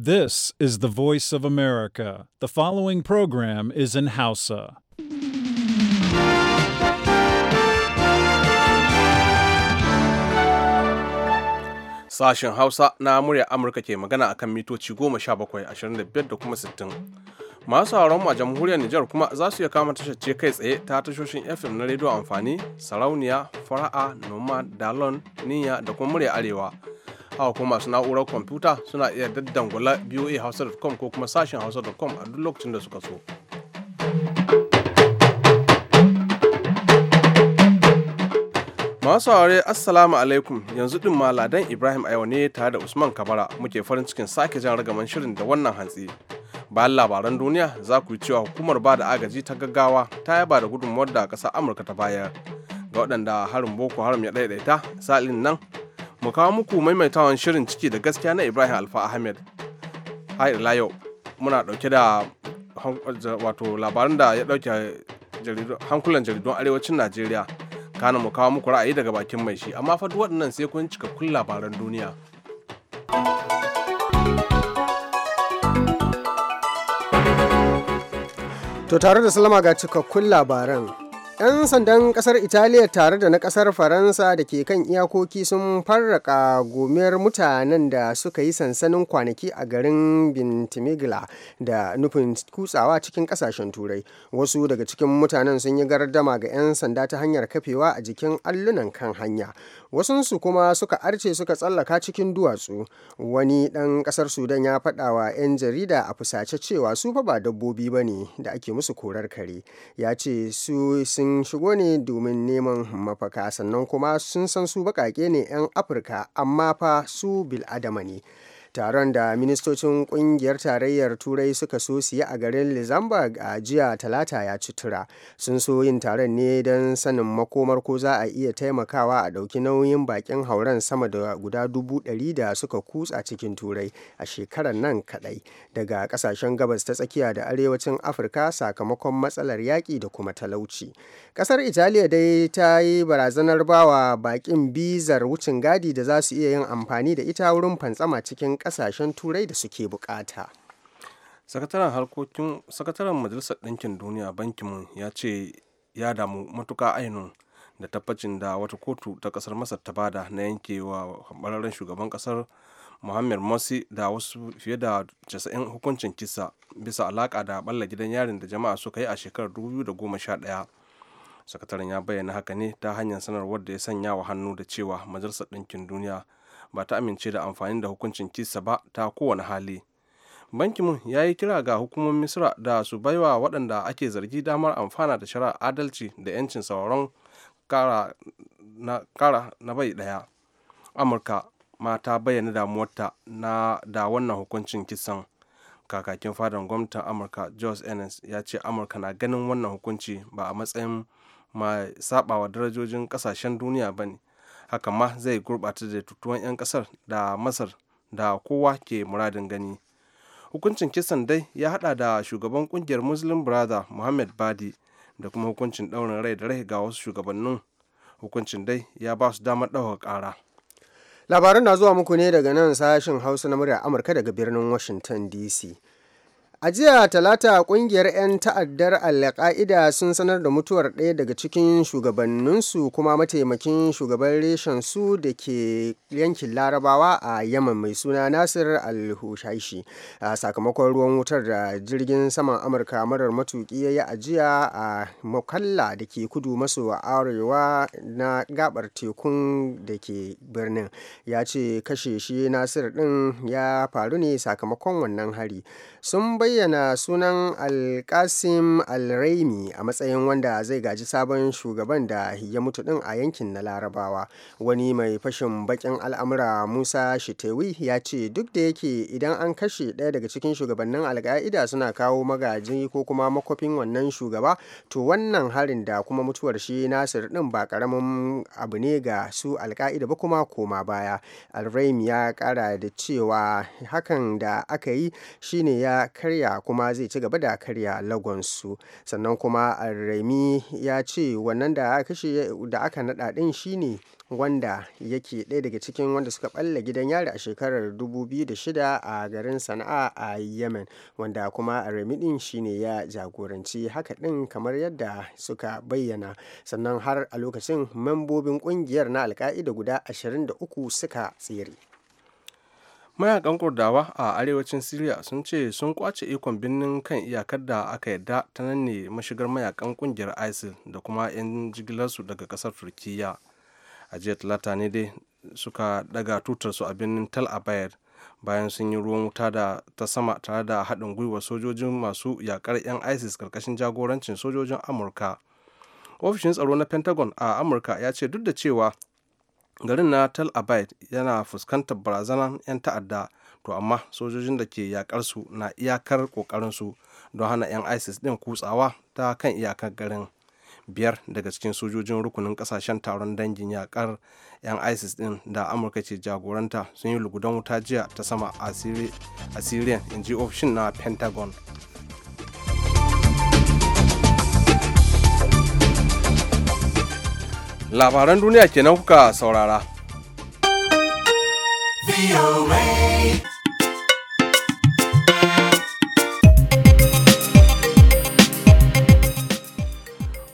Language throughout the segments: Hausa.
This is the voice of America. The following program is in Hausa. Sashen Hausa na murya Amurka ke magana a kan mitoci ashirin da kuma 60. Masu mu a jamhuriyar Nijar kuma za su iya kama tashar kai tsaye ta tashoshin FM na rediyo amfani, sarauniya, fara'a, noma, dalon, niyya da kuma murya arewa. haka kuma masu na'urar kwamfuta suna iya daddangula voahausa.com ko kuma sashen hausa.com a duk lokacin da suka so. Masu aure Assalamu alaikum yanzu din Ladan Ibrahim a ne tare da Usman Kabara muke farin cikin sake jan ragaman shirin da wannan hantsi. Bayan labaran duniya za ku yi cewa hukumar ba da agaji ta gaggawa ta yaba da gudunmuwar da kasar Amurka ta bayar. Ga waɗanda harin Boko Haram ya ɗaiɗaita, salin nan mu kawo muku maimaitawan shirin ciki da gaskiya na Ibrahim Alfa Ahmed. ila yau muna dauke da wato labarin da ya dauke hankulan jaridun arewacin Najeriya. Kana mu kawo muku ra'ayi daga bakin mai shi amma fa duk waɗannan sai kun cikakkun labaran duniya. To tare da salama ga cikakkun labaran 'yan sandan kasar italiya tare da na kasar faransa da ke kan iyakoki sun farraka gomiyar mutanen da suka yi sansanin kwanaki a garin bintimigla da nufin kutsawa cikin kasashen turai wasu daga cikin mutanen sun yi gardama ga 'yan sanda ta hanyar kafewa a jikin allunan kan hanya wasunsu kuma suka arce suka tsallaka cikin duwatsu wani ɗan ƙasar sudan ya faɗa wa 'yan jarida a fusace cewa su fa ba dabbobi ba ne da ake musu korar kare ya ce su sun shigo ne domin neman mafaka sannan kuma sun san su baƙaƙe ne 'yan afirka amma fa su bil'adama ne taron da ministocin kungiyar tarayyar turai suka so su yi a garin luxembourg a jiya talata ya ci tura sun so yin taron ne don sanin makomar ko za a iya taimakawa a ɗauki nauyin bakin hauren sama da guda dubu ɗari da suka kutsa cikin turai a shekarar nan kaɗai daga ƙasashen gabas ta tsakiya da arewacin afirka sakamakon matsalar yaƙi da kuma talauci ƙasar italiya dai ta yi barazanar bawa bakin bizar wucin gadi da za su iya yin amfani da ita wurin fantsama cikin kasashen turai da suke bukata sakataren harkokin sakataren majalisar ɗinkin duniya bankin ya ce ya damu matuka ainihin da tabbacin da wata kotu ta kasar masar ta bada na yankewa hambararren shugaban kasar muhammad morsi da wasu fiye da 90 hukuncin kisa bisa alaka da balla gidan yarin da jama'a suka yi a shekarar 2011 sakataren ya bayyana haka ne ta hanyar sanarwar da ya sanya wa hannu da cewa majalisar ɗinkin duniya ba ta amince da amfani da hukuncin kisa ba ta kowane hali bankin mun ya yi kira ga hukumomin misra da su baiwa waɗanda ake zargi damar amfana da shari'ar adalci da 'yancin sauran kara na, bai ɗaya amurka ma ta bayyana damuwarta na da wannan hukuncin kisan kakakin fadan gwamnatin amurka jos ennis ya ce amurka na ganin wannan hukunci ba a matsayin mai saɓawa darajojin ƙasashen duniya ba ne haka ma zai gurɓata da tutuwan 'yan ƙasar da masar da kowa ke muradin gani hukuncin kisan dai ya hada da shugaban kungiyar muslim brother muhammad badi da kuma hukuncin daurin rai da rai ga wasu shugabannin hukuncin dai ya ba su damar ɗaukar ƙara labarin na zuwa muku ne daga nan sashen hausa na murya amurka daga birnin washington dc A jiya Talata ƙungiyar 'yan ta'addar Al-Qaida sun sanar da mutuwar ɗaya daga cikin shugabanninsu kuma mataimakin shugaban su da ke yankin Larabawa a Yaman mai suna Nasir al a sakamakon ruwan wutar da jirgin saman Amurka marar matuƙi ya yi a jiya a Mokalla da ke kudu maso arewa na gabar tekun da ke birnin. Ya ce kashe shi Nasir ɗin ya faru ne sakamakon wannan hari. Sun bayyana sunan alkasim Alraimi a matsayin wanda zai gaji sabon shugaban da ya mutu din a yankin na Larabawa. Wani mai fashin bakin al'amura Musa Shitewi ya ce duk da yake idan an kashe ɗaya daga cikin shugabannin Alƙa'ida suna kawo magaji ko kuma makwafin wannan shugaba to wannan harin da kuma mutuwar shi Nasir ɗin ba karamin abu ne ga su alka'ida ba kuma koma baya. Alraimi ya kara da cewa hakan da aka yi shine ya karya karya kuma zai ci gaba da karya lagonsu sannan kuma remi ya ce wannan da aka kashe da aka naɗa ɗin shine wanda yake ɗaya daga cikin wanda suka ɓalla gidan yari a shekarar 2006 a garin sana'a a yemen wanda kuma remi ɗin shine ya jagoranci haka ɗin kamar yadda suka bayyana sannan har a lokacin membobin ƙungiyar na alka'ida guda 23 suka tsere mayakan kurdawa a arewacin syria sun ce sun kwace ikon birnin kan iyakar da aka yadda ta nan ne mashigar mayakan kungiyar isil da kuma 'yan jigilarsu daga kasar turkiya a jiya talata ne dai suka daga tutarsu a birnin tal abayar bayan sun yi ruwan wuta da ta sama tare da haɗin gwiwa sojojin masu yakar 'yan isis karkashin jagorancin sojojin amurka ofishin tsaro na pentagon a amurka ya ce duk da cewa garin na tel abyad yana fuskantar barazanar 'yan ta'adda to amma sojojin da ke yakar su na iyakar kokarin su don hana 'yan isis din kutsawa ta kan iyakar garin biyar daga cikin sojojin rukunin kasashen taron dangin yakar 'yan isis din da amurka ce jagoranta sun yi lugudan wuta jiya ta sama a syrian in ji ofishin na pentagon labaran duniya kenan kuka saurara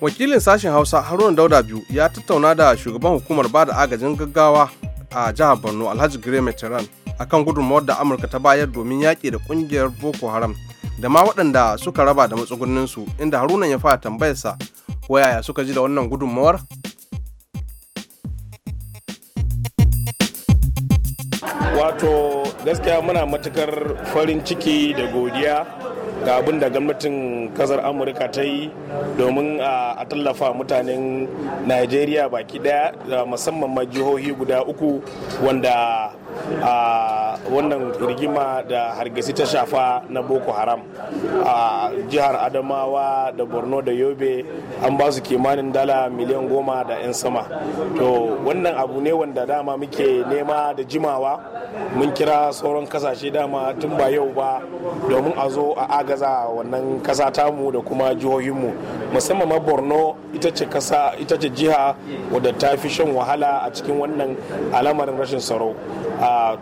wakilin sashen hausa haruna dauda biyu ya tattauna da shugaban hukumar bada agajin gaggawa a jihar borno alhaji gire meteran akan gudunmawar da amurka ta bayar domin yaƙi da ƙungiyar boko haram da ma waɗanda suka raba da matsugunninsu inda haruna ya fara tambayarsa ko yaya suka ji da wannan gudunmawar wato gaskiya muna matukar farin ciki da godiya ga abin da gwamnatin kasar amurka ta yi domin a tallafa mutanen najeriya baki daya musamman ma jihohi guda uku wanda a wannan rigima da hargitsi ta shafa na boko haram a jihar adamawa da borno da yobe an ba su kimanin dala miliyan goma da 'yan sama to wannan abu ne wanda dama muke nema da jimawa mun kira sauran kasashe dama tun ba yau ba domin a zo a agaza wannan kasa tamu da kuma jihohinmu musamman ma borno ita ce jiha wadda ta fi shan wahala a cikin wannan alamarin rashin tsaro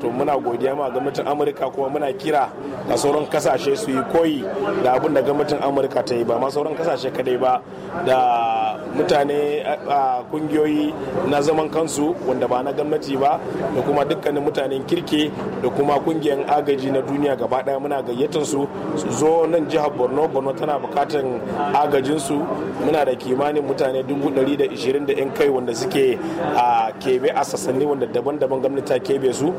to muna godiya ma gwamnatin amurka kuma muna kira da sauran kasashe su yi koyi da abin da gwamnatin amurka ta yi ba ma sauran kasashe kadai ba da mutane a kungiyoyi na zaman kansu wanda ba na gwamnati ba da kuma dukkanin mutanen kirke da kuma kungiyar agaji na duniya gaba daya muna gayyatar su zo nan jihar borno borno tana agajin agajinsu muna da kimanin mutane 120 da 'yan kai wanda suke a kebe a sassanni wanda daban-daban gwamnati ta kebe su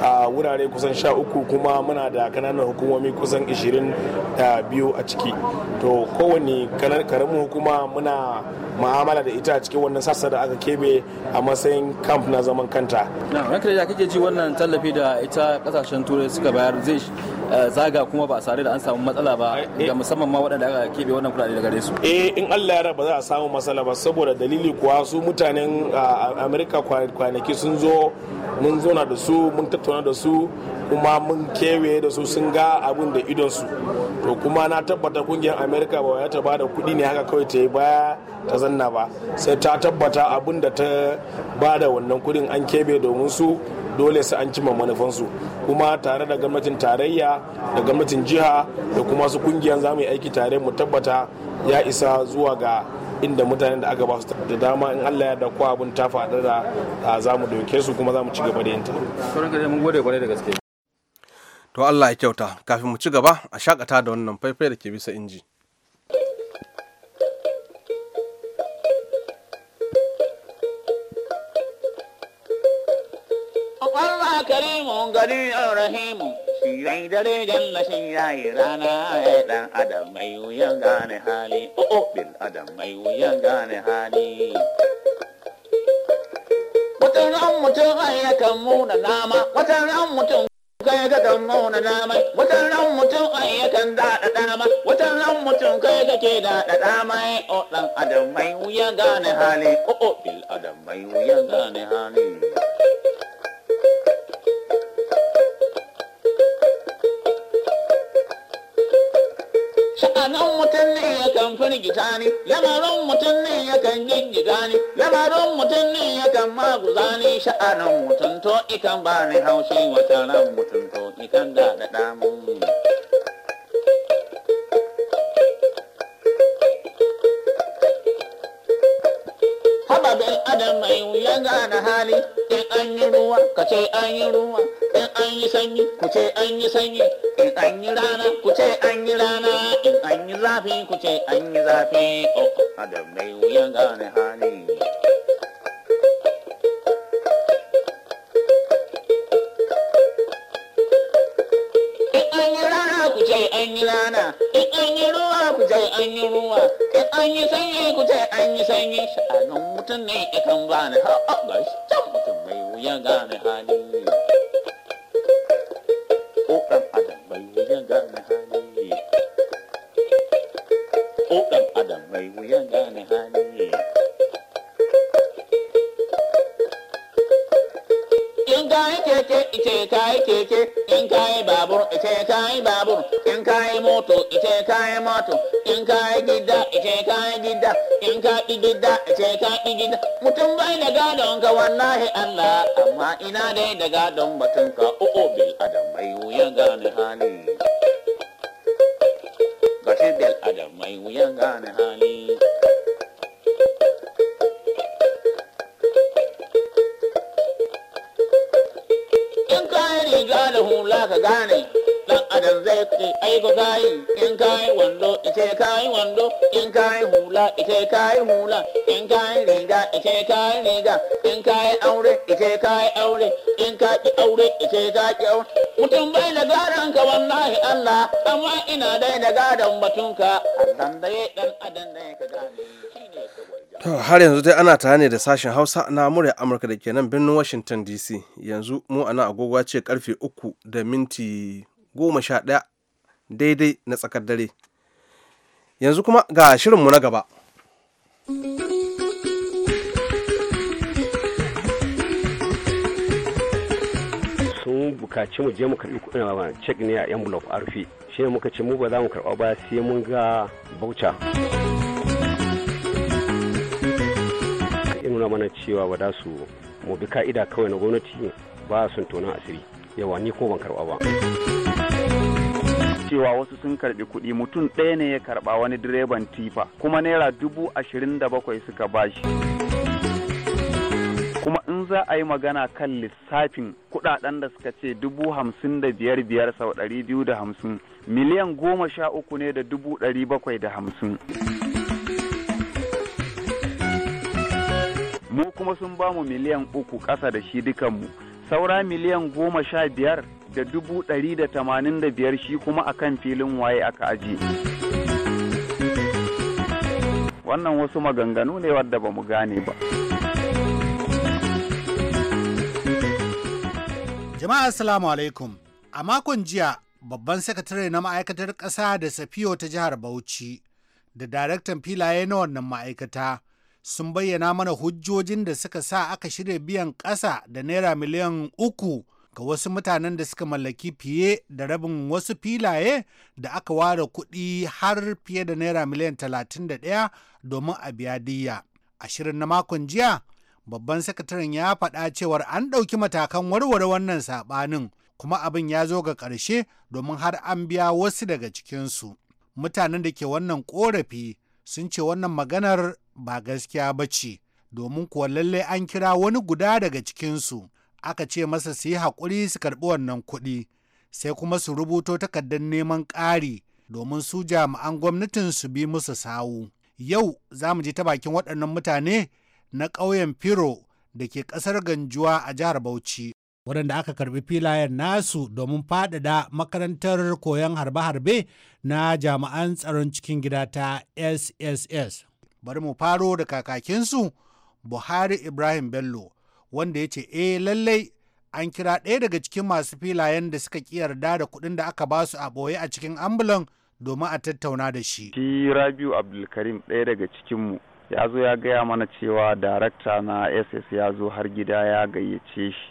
a wurare kusan sha uku kuma muna da kananan hukumomi kusan biyu a ciki to kowane karamin hukuma muna ma'amala da ita cikin wannan sassa da aka kebe a matsayin camp na zaman kanta ranka da kake ji wannan tallafi da ita kasashen turai suka bayar zai eh, zaga kuma ba sare da an samu matsala ba ga musamman ma waɗanda aka kebe wannan kuɗaɗe daga gare su eh in Allah ya raba za a samu matsala ba saboda dalili kuwa su mutanen eh, Amerika kwanaki sun zo mun zauna da su mun tattauna da su kuma mun kewaye da su sun ga abin da idonsu to kuma na tabbata kungiyar america ba ya taba da kudi ne haka kawai ta yi baya ta zanna ba sai ta tabbata abin da ta ba da wannan kudin an kebe domin su dole su an cimma manufansu kuma tare da gwamnatin tarayya da gwamnatin jiha da kuma su kungiyar zamu yi aiki tare mu tabbata ya isa zuwa ga inda mutanen da aka ba su da dama in Allah ya da ko abin ta faɗa da za mu doke su kuma za mu ci gaba da yinta. mun gode kwarai da gaske. To Allah ya kyauta kafin mu ci gaba a shakata da wannan faifai da ke bisa inji. Allah karimu gani rahimu shi yayi dare janna shi yayi rana ai dan adam mai wuyan gane hali o oh, o oh, bin adam mai wuyan gane hali watan ran mutum ai kan muna nama watan ran mutum kai ga kan muna nama watan ran mutum ai kan dada dama watan oh, ran mutum kai ga ke dada dama o dan adam mai wuyan gane hali o o bin adam mai wuyan gane hali nan mutum ne yakan firgita ne lamarin mutum ne kan gingida ne lamarin mutum ne yakan maguza ne sha'anan mutum to ikan ba ni haushi wata ran mutum to ikan da da damun haba adam mai wuya gane hali in an yi ruwa ka ce an yi ruwa in an yi sanyi ku ce an yi sanyi in an yi rana ku ce an yi rana in an yi zafi ku ce an yi zafi oh, oh adam mai wuyan gane hali ce an yi rana, in an yi ruwa ku ce an yi ruwa, in an yi sanyi ku ce an yi sanyi, sha'anin mutum ne ikan bani ha'a ga shi can mutum mai wuya gane hali. wuyan gane keke ice kayi keke in kayi babur ice kayi babur in kayi moto ice kayi in kayi gida ice kayi gida in kayi gida ice mutum bai da gadon ka wallahi Allah amma ina dai da gadon batun ka o'o bil adam mai gane hali gashi ka gane dan adam zai ce ai ko kai in kai wando ite kai wando in kai hula ite kai hula in kai riga ite kai riga in kai aure ite kai aure in kai aure ite kai ki aure mutum bai da garan ka wallahi Allah amma ina dai da garan batun ka dai dan har yanzu dai ana tare ne da sashen hausa na murya amurka da ke nan birnin washington dc yanzu mu a nan agogo ce karfe uku da minti goma sha ɗaya daidai na tsakar dare yanzu kuma ga shirinmu na gaba sun bukaci mu je mu karbi ah, cek ne a envelope a shi ne muka ce mu ba za mu karba ba sai mun ga bauta nuna mana cewa ba da su mu ka'ida kawai na gwamnati ba sun tona asiri yawa ni ko ban karba ba cewa wasu sun karbi kuɗi mutum ɗaya ne ya karba wani direban tifa kuma naira dubu ashirin da bakwai suka bashi kuma in za a yi magana kan lissafin kudaden da suka ce dubu hamsin da biyar biyar sau ɗari biyu da hamsin miliyan goma sha uku ne da dubu ɗari bakwai da hamsin mu kuma sun ba mu miliyan uku ƙasa da shi dukanmu saura miliyan goma sha biyar da dubu ɗari da tamanin da biyar shi kuma a kan filin waye aka aji. wannan wasu maganganu ne wadda ba mu gane ba. Jama'a Assalamu alaikum. A makon jiya, babban sakatare na ma'aikatar ƙasa da Safiyo ta jihar Bauchi da daraktan filaye na wannan ma'aikata sun bayyana mana hujjojin da suka sa aka shirya biyan ƙasa da naira miliyan uku ga wasu mutanen da suka mallaki fiye da rabin wasu filaye da aka ware kuɗi har fiye da naira miliyan talatin da ɗaya domin a biya diyya. A shirin na makon jiya, babban sakataren ya faɗa cewar an ɗauki matakan warware wannan saɓanin kuma abin ya zo ga ƙarshe domin har an biya wasu daga cikinsu. Mutanen da ke wannan ƙorafi sun ce wannan maganar ba gaskiya ba ce, domin kuwa lallai an kira wani guda daga cikinsu aka ce masa su yi haƙuri su karɓi wannan kuɗi, sai kuma su rubuto takardar neman ƙari domin su jami'an gwamnatin su bi musu sawu. Yau za mu ji ta bakin waɗannan mutane na ƙauyen Firo da ke ƙasar Ganjuwa a jihar Bauchi. waɗanda aka karbi filayen nasu domin faɗaɗa makarantar koyon harbe-harbe na jami'an tsaron cikin gida ta sss bari mu faro da kakakinsu buhari ibrahim bello wanda ya ce e lallai an kira ɗaya daga cikin masu filayen da suka ki yarda da kuɗin da aka ba su a ɓoye a cikin ambulan domin a tattauna da shi. Shi Rabiu Abdulkarim ɗaya daga cikinmu ya zo ya gaya mana cewa darakta na SS ya zo har gida ya gayyace shi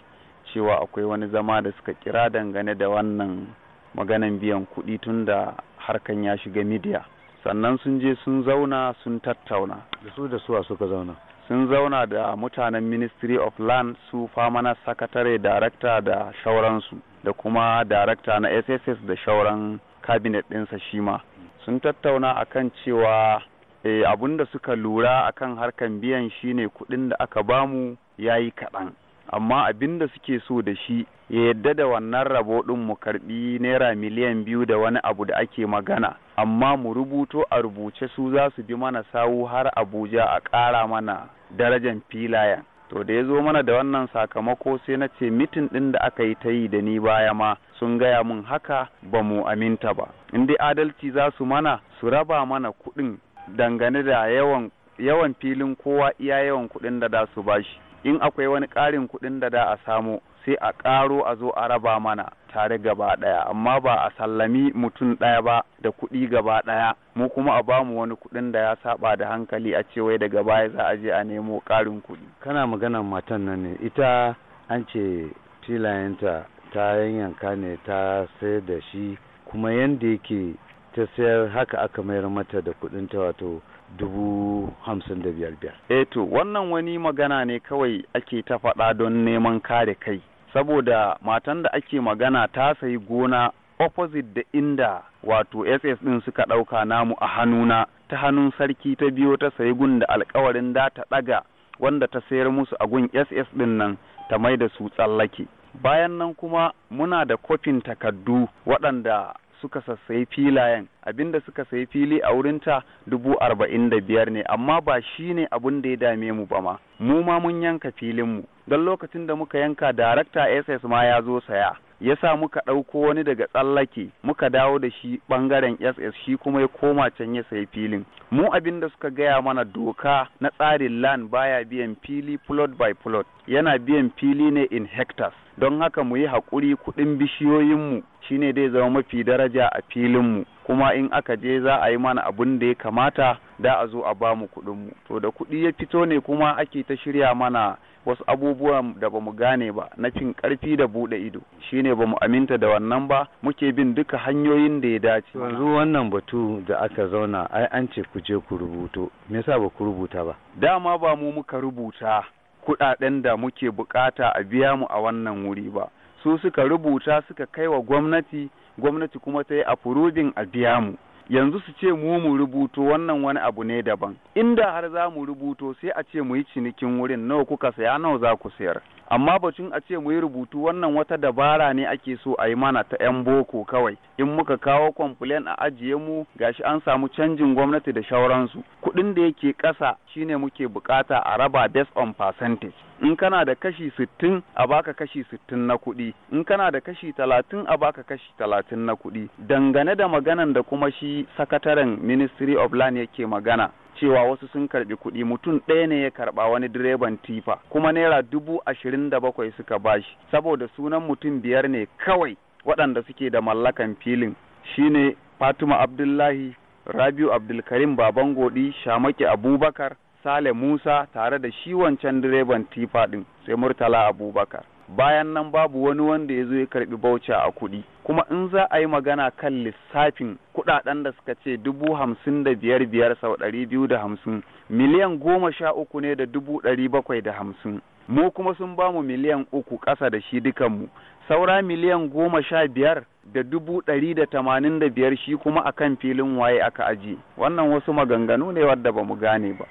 cewa akwai wani zama da suka kira dangane da wannan maganan biyan kuɗi tunda da harkan ya shiga midiya. sannan sun je sun zauna sun tattauna da su da suwa suka zauna sun zauna da mutanen ministry of land su famana sakatare darakta da shauransu da kuma darakta na sss da shauran kabinet ɗinsa shi ma sun tattauna akan cewa eh, abun da suka lura akan harkan biyan shine kuɗin da aka bamu ya yi kaɗan amma abin da suke so da shi ya yadda da wannan rabo ɗin mu karɓi naira miliyan biyu da wani abu da ake magana amma mu rubuto a rubuce su za su bi mana sawu har abuja a ƙara mana darajan filayen to da ya zo mana da wannan sakamako sai na ce mitin ɗin da aka yi ta yi da ni baya ma sun gaya mun haka ba mu aminta ba in dai adalci za su mana su raba mana kuɗin dangane da yawan yawan filin kowa iya yawan kuɗin da za su bashi in akwai wani ƙarin kuɗin da da a samu sai a ƙaro a zo a raba mana tare gaba ɗaya amma ba a sallami mutum ɗaya ba da kuɗi gaba ɗaya mu kuma a bamu wani kuɗin da ya saba da hankali a ce wai daga baya za a je a nemo ƙarin kuɗi. kana maganan matan nan ne ita an ce filayenta ta yanyanka ne ta sayar da shi kuma yanda yake ta sayar haka aka mayar mata da kuɗin ta wato dubu hamsin da biyar biyar. Eh to wannan wani magana ne kawai ake ta faɗa don neman kare kai saboda matan da ake magana ta sayi gona opposite da inda wato ss ɗin suka ɗauka namu a hannuna ta hannun sarki ta biyo ta sayi gun da alkawarin da ta ɗaga wanda ta sayar musu a gun ss ɗin nan ta mai da su tsallake bayan nan kuma muna da kofin takardu waɗanda suka sassayi filayen abinda suka sayi fili a wurin ta dubu arba'in da biyar ne amma ba shi ne abin da ya dame mu ba ma mu ma mun yanka filinmu don lokacin da muka yanka darakta ss ma ya zo saya ya sa muka ɗauko wani daga tsallake muka dawo da shi ɓangaren ss shi kuma ya koma can ya sayi filin mu abin da suka gaya mana doka na tsarin land baya biyan fili plot by plot yana biyan fili ne in hectares don haka mu yi haƙuri kuɗin bishiyoyinmu shine dai zama mafi daraja a filinmu kuma in aka je za a yi mana abin da ya kamata da a zo a bamu kuɗinmu to da kuɗi ya fito ne kuma ake ta shirya mana wasu abubuwan da ba mu gane ba na cin karfi da bude ido shine mu aminta da wannan ba muke bin duka hanyoyin da ya dace yanzu wannan batu da aka zauna ai an ce ku je ku rubuto me yasa ba ku rubuta ba dama ba mu muka rubuta kudaden da muke bukata a biya mu a wannan wuri ba su suka rubuta suka kaiwa gwamnati gwamnati kuma ta yi a a biya mu yanzu su ce mu mu rubuto wannan wani abu ne daban inda har za mu rubuto sai a ce mu yi cinikin wurin nawa kuka saya nawa za ku sayar amma batun a ce mu yi rubutu wannan wata dabara ne ake so a yi mana ta 'yan boko kawai in muka kawo kwamfulen a ajiye mu gashi an samu canjin gwamnati da shauransu kuɗin da yake ƙasa shine muke bukata a raba based on percentage in kana da kashi sittin a baka kashi sittin na kuɗi in kana da kashi talatin a baka kashi talatin na kuɗi dangane da maganan da kuma shi sakataren ministry of land yake magana cewa wasu sun karbi kuɗi mutum ɗaya ne ya karɓa wani direban tifa kuma naira dubu ashirin da bakwai suka bashi saboda sunan mutum biyar ne kawai waɗanda suke da mallakan filin shine fatima abdullahi rabiu abdulkarim baban godi shamaki abubakar Sale Musa tare da shi wancan direban tifa ɗin sai Murtala Abubakar. Bayan nan babu wani wanda ya zo ya karɓi baucha a kuɗi. Kuma in za a yi magana kan lissafin kuɗaɗen da suka ce dubu hamsin da biyar biyar sau ɗari biyu da hamsin miliyan goma sha uku ne da dubu ɗari bakwai da hamsin. mu kuma sun ba mu miliyan uku ƙasa da shi dukanmu saura miliyan goma sha biyar da dubu ɗari da tamanin da biyar shi kuma a kan filin waye aka aji wannan wasu maganganu ne wadda ba mu gane ba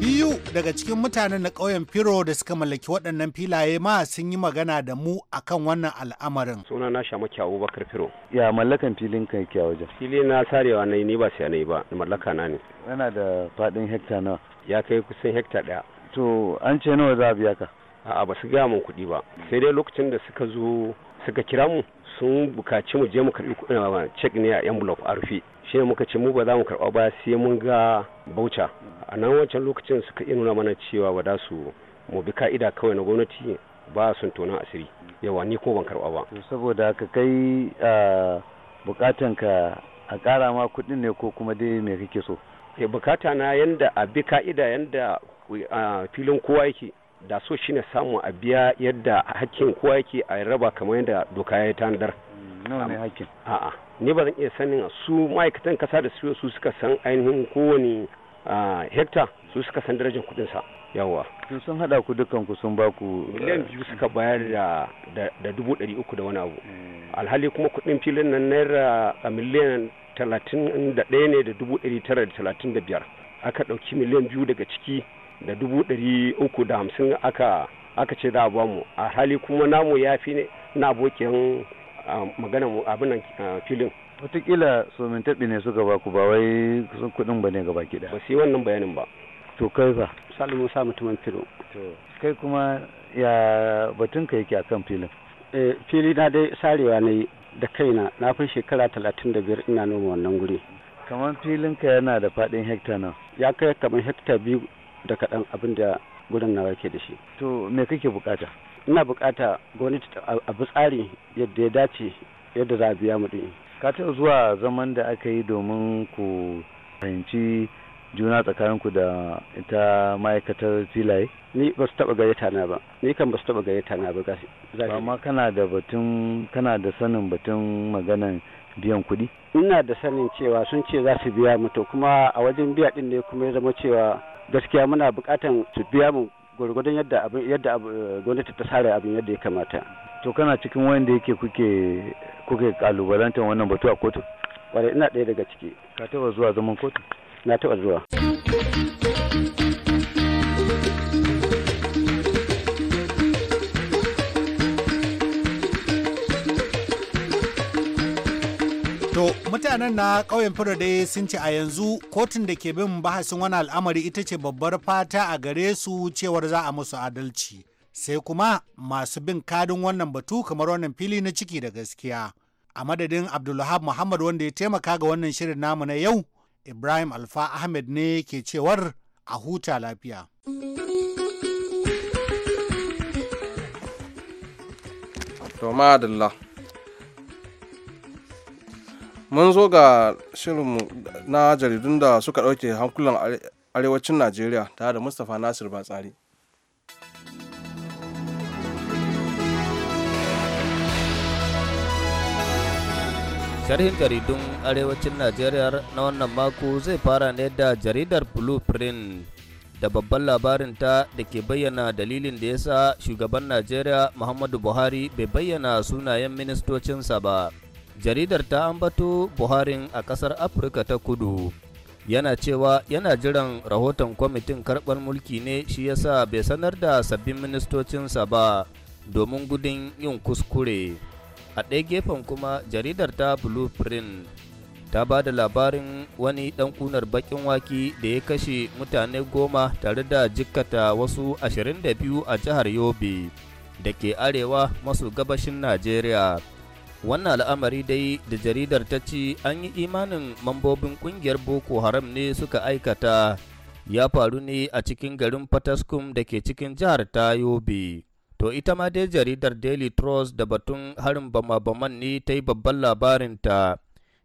biyu daga cikin mutanen na ƙauyen firo da suka mallaki waɗannan filaye ma sun yi magana da mu akan wannan al'amarin suna na sha maki bakar firo ya mallakan filin kai kyawu wajen fili na sarewa na ni ba sai na ba mallaka na ne yana da faɗin hekta na. ya kai kusan hekta ɗaya to an ce nawa za a biya ka a'a ba su gaya mun kuɗi ba sai dai lokacin da suka zo suka kira mu sun bukaci mu je mu karbi ah, cek ne a 'yan bulok a rufe shi ne muka ce mu ba za mu karɓa ba sai mun ga bauta a nan wancan lokacin suka yi nuna mana cewa ba da su mu bi ka'ida kawai na gwamnati ba sun tona asiri yawa ni ko ban karɓa ba saboda ka kai ah, bukatan ka a kara ma kuɗin ne ko kuma dai me kake so Eh, bukata na yanda a bi ka'ida yanda filin kowa yake da so shi ne samu a biya yadda hakkin kowa yake a raba kamar yadda doka ya tanadar mm, nawa ne hakkin a'a ni ba zan iya sanin su ma'aikatan kasa da su su suka san ainihin kowane hekta su suka san darajar kudinsa. sa yawa sun hada ku dukkan ku sun baku miliyan eh, biyu suka bayar da dubu ɗari uku da wani abu eh. alhali kuma kuɗin filin nan naira miliyan talatin da ɗaya ne da dubu ɗari tara da talatin da biyar aka ɗauki miliyan biyu daga ciki da dubu ɗari uku da hamsin aka ce za a bamu a hali kuma namu ya fi na abokin magana abinan filin watakila somin taɓi ne suka baku ba wai kuɗin ba ne gaba ki ba su yi wannan bayanin ba to kai ba salu musa mutumin filo to kai kuma ya batun ka yake kan filin eh, fili na dai sarewa ne da kaina na fi shekara talatin da biyar ina noma wannan guri kamar filin ka yana da faɗin hekta nan ya kai kamar hekta biyu da kaɗan abin da gudun nawa ke da shi to me kake bukata ina bukata gwamnati a bi tsari yadda ya dace yadda za a biya mu ka zuwa zaman da aka yi domin ku fahimci juna tsakaninku da ita ma'aikatar filaye? ni ba su taba gayyata na ba ni kan ba su taba gayyata na ba ba ma kana da batun kana da sanin batun maganan biyan kuɗi ina da sanin cewa sun ce za su biya mu to kuma a wajen biya din ne kuma ya zama cewa gaskiya muna buƙatan su biya mu gwargwadon yadda abin yadda gwamnati ta sare abin yadda ya kamata to kana cikin wanda yake kuke kuke kalubalantar wannan batu a kotu kwarai ina ɗaya daga ciki ka taba zuwa zaman kotu na taɓa zuwa. To mutanen na ƙauyen dai sun ce a yanzu kotun da ke bin bahasin wani al'amari ita ce babbar fata a gare su cewar za a musu adalci. Sai kuma masu bin kadin wannan batu kamar wannan fili na ciki da gaskiya. A madadin Abdulhab Muhammad wanda ya taimaka ga wannan shirin namu na yau, Ibrahim Alfa Ahmed ne ke cewar a huta lafiya. Toma Adalla. Mun zo ga shirinmu na jaridun da suka ɗauke hankulan arewacin Najeriya tare da Mustapha Nasir Batsari. Sharhin jaridun arewacin Najeriya na wannan mako zai fara ne da jaridar Blueprint da babban labarinta da ke bayyana dalilin da ya sa shugaban Najeriya Muhammadu Buhari bai bayyana sunayen ministocinsa ba. Jaridar ta ambato Buharin a ƙasar Afirka ta kudu. yana cewa yana jiran rahoton kwamitin karɓar mulki ne shi ya sa bai sanar da sabbin ministocinsa ba domin gudun yin kuskure a ɗaya gefen kuma jaridar ta blueprint ta ba da labarin wani ɗan kunar bakin waki da ya kashe mutane goma tare da jikkata wasu 22 a jihar yobe da ke arewa masu gabashin najeriya wannan al'amari dai da jaridar ta ci an yi imanin mambobin kungiyar boko haram ne suka aikata ya faru ne a cikin garin fataskum da ke cikin jihar ta yobe To ita ma dai jaridar Daily Trust da batun harin bama-baman ne ta yi babban labarinta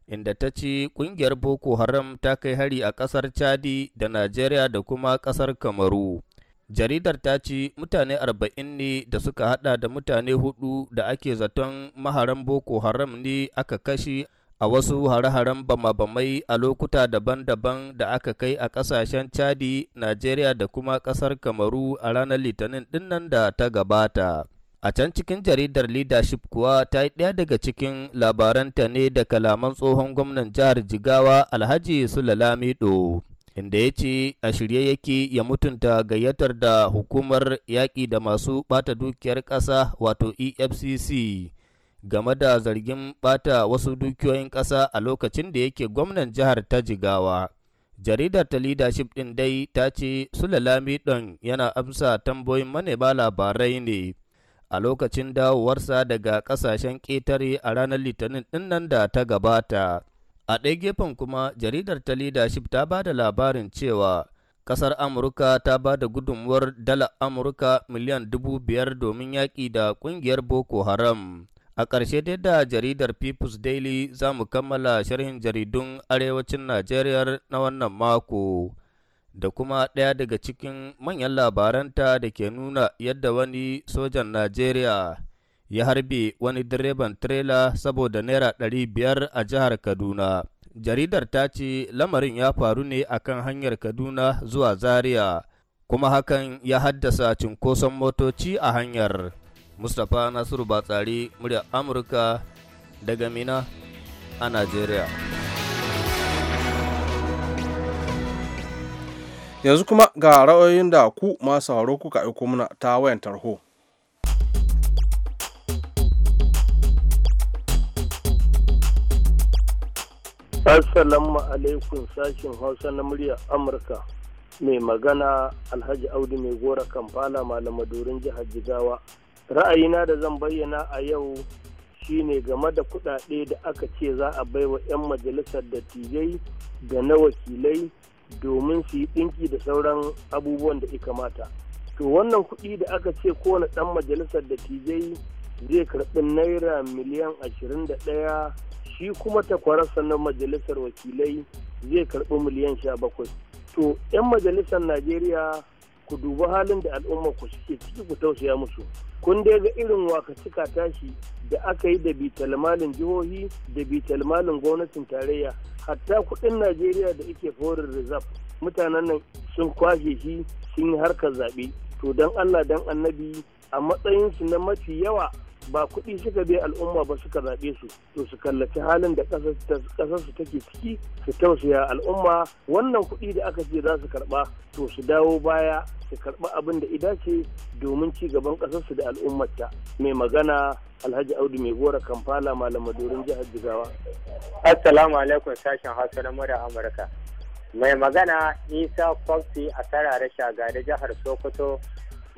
inda ta ce ƙungiyar Boko Haram ta kai hari a ƙasar Chadi da Najeriya da kuma ƙasar Kamaru. Jaridar ta ce mutane arba'in ne da suka hada da mutane hudu da ake zaton maharan Boko Haram ne aka kashe a wasu hare-haren bama-bamai a lokuta daban-daban da aka kai a ƙasashen Chadi, Najeriya da kuma ƙasar Kamaru a ranar Litinin dinnan da ta gabata. A can cikin jaridar leadership kuwa ta yi ɗaya daga cikin labaranta ne da kalaman tsohon gwamnan jihar Jigawa Alhaji Sulalamido, inda ya ce a shirye yake ya mutunta gayyatar da hukumar yaƙi da masu ɓata dukiyar ƙasa wato EFCC game da zargin ɓata wasu dukiyoyin ƙasa a lokacin da yake gwamnan jihar ta jigawa. Jaridar ta leadership ɗin dai ta ce Sulalami ɗan yana amsa tambayoyin manema labarai ne a lokacin dawowarsa daga ƙasashen ƙetare a ranar Litinin ɗin nan da ta gabata. A ɗaya gefen kuma jaridar ta leadership ta ba da labarin cewa ƙasar Amurka ta ba da gudunmuwar dala Amurka miliyan dubu biyar domin yaƙi da ƙungiyar Boko Haram. A ƙarshe dai da jaridar People's Daily za mu kammala sharhin jaridun Arewacin Najeriya na wannan mako da kuma ɗaya daga cikin manyan labaranta da ke nuna yadda wani sojan Najeriya ya harbe wani direban trela saboda Naira ɗari biyar a jihar Kaduna. Jaridar ta ce lamarin ya faru ne a kan hanyar Kaduna zuwa Zaria, kuma hakan ya haddasa cinkoson motoci a hanyar. mustapha nasiru batsari murya amurka daga mina a najeriya yanzu kuma ga ra'ayoyin da ku masu sauraro kuka aiko mana ta wayan tarho Assalamu alaikum sashin Hausa na murya Amurka. Mai magana Alhaji Audu mai gora Kamfala malamadurin jihar Jigawa. ra'ayina da zan bayyana a yau shine game da kudade da aka ce za a baiwa 'yan majalisar dattijai da na wakilai domin su yi dinki da sauran abubuwan da kamata to wannan kudi da aka ce kowane dan majalisar dattijai zai karɓi naira miliyan 21 shi kuma takwararsa na majalisar wakilai zai karɓi miliyan 17 to 'yan majalisar najeriya ku dubi halin da al'ummar ku suke ciki ku tausaya musu kun dai ga irin wakaci tashi da aka yi da bitalmalin jihohi da bitalmalin gwamnatin tarayya hatta kudin najeriya da ike forin reserve mutanen nan sun kwashe shi sun yi harkar zaɓe to don allah don annabi a matsayinsu na mafi yawa ba kuɗi suka biya al'umma ba suka zaɓe su to su kallaci halin da ƙasar su take ciki su tausaya al'umma wannan kuɗi da aka ce za su karɓa to su dawo baya su karɓa abin da ida ce domin ci gaban ƙasarsu da al'ummarta mai magana alhaji audu mai gora kamfala dorin jihar jigawa assalamu alaikum sashen hausa na mura amurka mai magana isa kwamfi a tarare shaga da jihar sokoto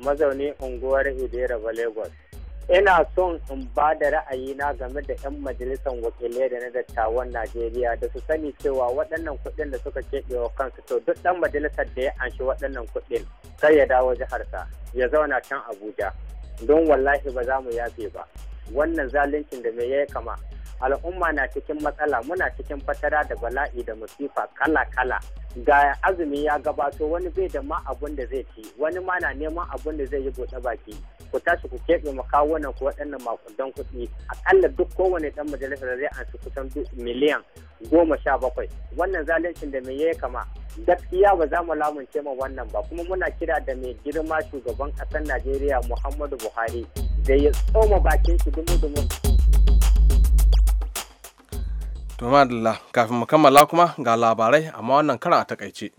mazauni unguwar ba lagos ina son in ba da ra'ayina game da 'yan majalisar wakilai da na dattawan najeriya da su sani cewa waɗannan kuɗin da suka wa kansu to duk ɗan majalisar da ya anshi waɗannan kuɗin Kar ya dawo jiharsa ya zauna can abuja don wallahi ba za mu yafe ba wannan zaluncin da me ya kama al'umma na cikin matsala muna cikin fatara da bala'i da musifa kala-kala ga azumi ya gabato wani bai da ma abun da zai ci wani ma na neman abun da zai yi buɗe baki ku tashi ku keɓe mu kawo wannan ku waɗannan makudan kuɗi akalla duk kowane ɗan majalisar zai ansu kusan miliyan goma sha bakwai wannan zaluncin da me ya kama gaskiya ba za mu lamunce ma wannan ba kuma muna kira da mai girma shugaban ƙasar najeriya muhammadu buhari da ya tsoma bakin shi dumu-dumu to madalla kafin mu kammala kuma ga labarai amma wannan karan a takaice.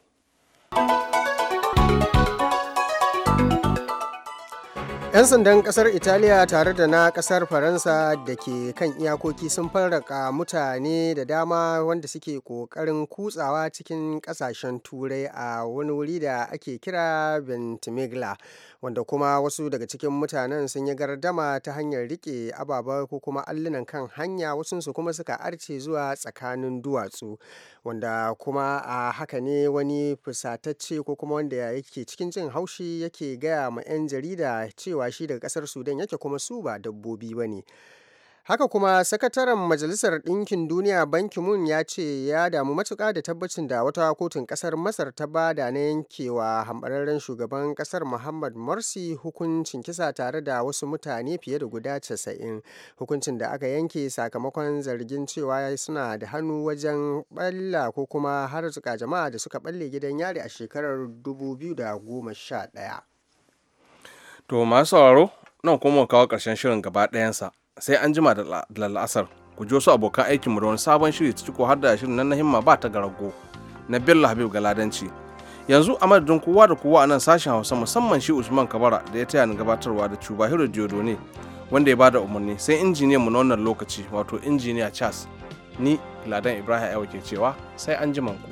'Yan sandan kasar Italiya tare da na kasar Faransa da ke kan iyakoki sun farraka mutane da dama wanda suke kokarin kutsawa cikin kasashen turai a wani wuri da ake kira Ventimiglia wanda kuma wasu daga cikin mutanen sun yi gardama ta hanyar rike ababa ko kuma allunan kan hanya wasunsu kuma suka arce zuwa tsakanin duwatsu wanda kuma a haka ne wani fusatacce ko kuma wanda yake cikin jin haushi yake gaya ma 'yan jarida cewa cewa shi daga kasar sudan yake kuma su ba dabbobi ba ne haka kuma sakataren majalisar ɗinkin duniya banki mun ya ce ya damu matuƙa da tabbacin da wata kotun ƙasar masar ta ba da na yankewa hambararren shugaban ƙasar muhammad morsi hukuncin kisa tare da wasu mutane fiye da guda casa'in hukuncin da aka yanke sakamakon zargin cewa suna da hannu wajen balla ko kuma har jama'a da suka ɓalle gidan yari a shekarar 2011 To masu sauraro nan kuma mu kawo ƙarshen shirin gaba ɗayansa sai an jima da lalasar ku ji wasu abokan aikinmu da wani sabon shiri ta ciko har da shirin nan na himma ba ta garago na Bello Habib Galadanci. Yanzu a madadin kowa da kowa a nan sashen Hausa musamman shi Usman Kabara da ya taya ni gabatarwa da Cubahiro Diodone wanda ya bada umarni sai injiniyan mu na wannan lokaci wato injiniya Charles ni Ladan Ibrahim Ayo ke cewa sai an jima ku.